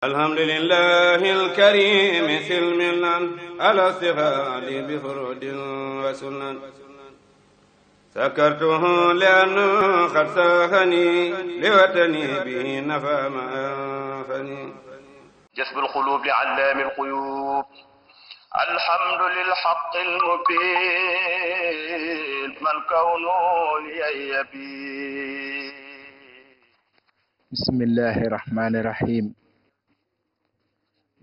alhamdulilah alkarim silmilan ala stighaali bi furudin wa sunan sakartuhu li annu qad saahani li watani bihi nafa ma anfani jasbul quluub li allaamil ghuyuub alhamdu lil haqqil mubiin man kawnu li yabiin bismillahi rahmaani rahiim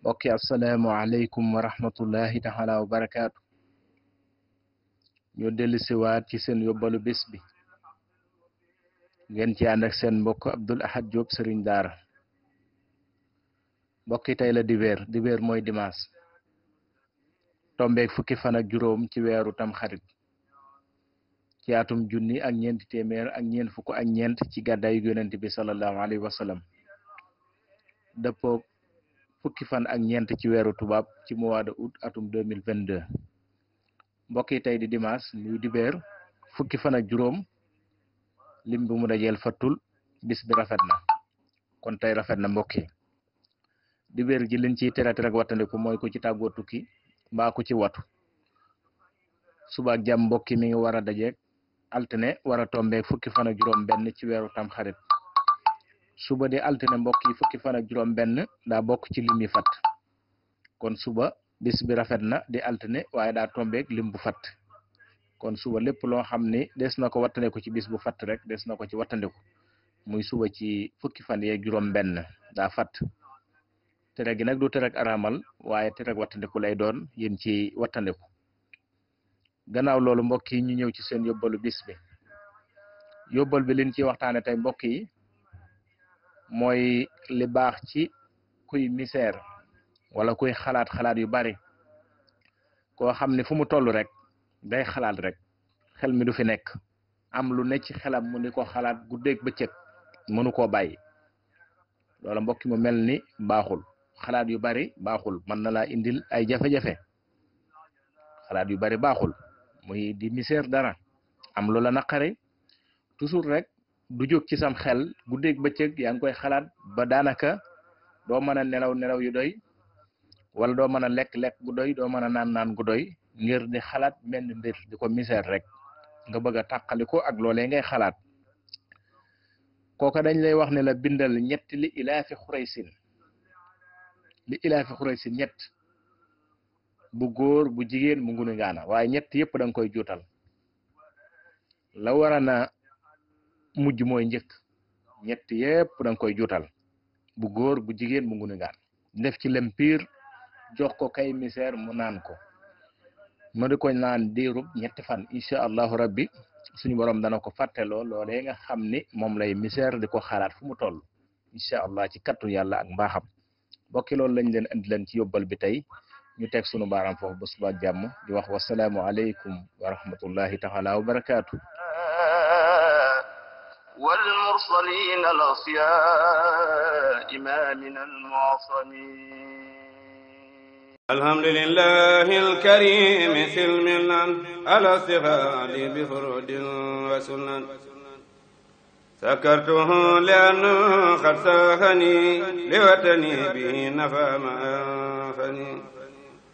okki assalaamu aleykum wa rahmatullahi taala wa barakaatu ñu dellu siwaat ci seen yóbbalu bi ngeen ci ànd ak seen mbokk Abdul Ahad Diop sëriñ daara mbokki tey la dibeer dibeer mooy dimanche tombeeg fukki fan ak juróom ci weeru tam xarit ci atum junni ak ñeenti téeméer ak ñeent fukk ak ñeent ci gàddaayu yonent bi sallallahu alayhi wa sallam fukki fan ak ñeent ci weeru tubaab ci mois de août atum deux mille vingt de mbokk yi tey di dimanche muy dibéer fukki fan ak juróom lim bi mu dajeel fattul bis bi rafet na kon tey rafet na mbokk yi dibéer ji liñ ciy terate rek wattandiku mooy ku ci tàggoo tukki mbaa ci watu suba jam jàmm mbokk yi mi ngi war a dajeeg altine war a tombeeg fukki fan ak juróom benn ci weeru tam xarit suba de altine mbokk yi fukki fan ak juróom benn daa bokk ci lim yi fatt kon suba bis bi rafet na di altine waaye daa tombeek lim bu fatt kon suba lépp loo xam ni des na ko wattandiku ci bis bu fatt rek des na ko ci wattandiku muy suba ci fukki fan yeeg juróom benn daa fatt tere gi nag du tere ak araamal waaye tere ak lay doon yéen ci wattandiku gannaaw loolu mbokk yi ñu ñëw ci seen yóbbalu bis bi yóbbal bi liñ ci waxtaane tey mbokk yi mooy li baax ci kuy misère wala kuy xalaat xalaat yu bari koo xam ne fu mu toll rek day xalaat rek xel mi du fi nekk am lu ne ci xelam mu ni ko xalaat guddeeg bëccëg mënu koo bàyyi loola mbokki mu mel ni baaxul xalaat yu bari baaxul mën na laa indil ay jafe-jafe xalaat yu bari baaxul muy di misère dara am lu la naqari toujours rek du jóg ci sam xel ba bëccëg yaa ngi koy xalaat ba daanaka doo mën a nelaw nelaw yu doy wala doo mën a lekk lekk gu doy doo mën a naan naan gu doy ngir di xalaat benn mbir di ko misère rek nga bëgg a tàqaliko ak loolee ngay xalaat kooka dañ lay wax ne la bindal ñett li ilaafi xuraysin li ilaafi xuraysin ñett bu góor bu jigéen bu ngunu ngaana waaye ñett yëpp da koy juutal la war mujj mooy njëkk ñett yépp da koy juutal bu góor bu jigéen bu ngunu ngaan def ci lempiir piir jox ko kay misère mu naan ko mu di ko naan diirub ñetti fan incha allahu rabbi suñu borom dana ko fàtteloo loolee nga xam ni moom lay misère di ko xalaat fu mu toll incha allah ci kattu yàlla ak mbaaxam bokki loolu lañ leen andi leen ci yóbbal bi tey ñu teg sunu baaraam foofu ba subaa jàmm di wax wasalaamu aleykum wa rahmatullahi wa barakaatu. والمرسلين الأصياء إمامنا المعصمين الحمد لله الكريم سلمنا على استغال بفرود وسنن سكرته لأنه قد ساخني لوطني به نفى ما أنفني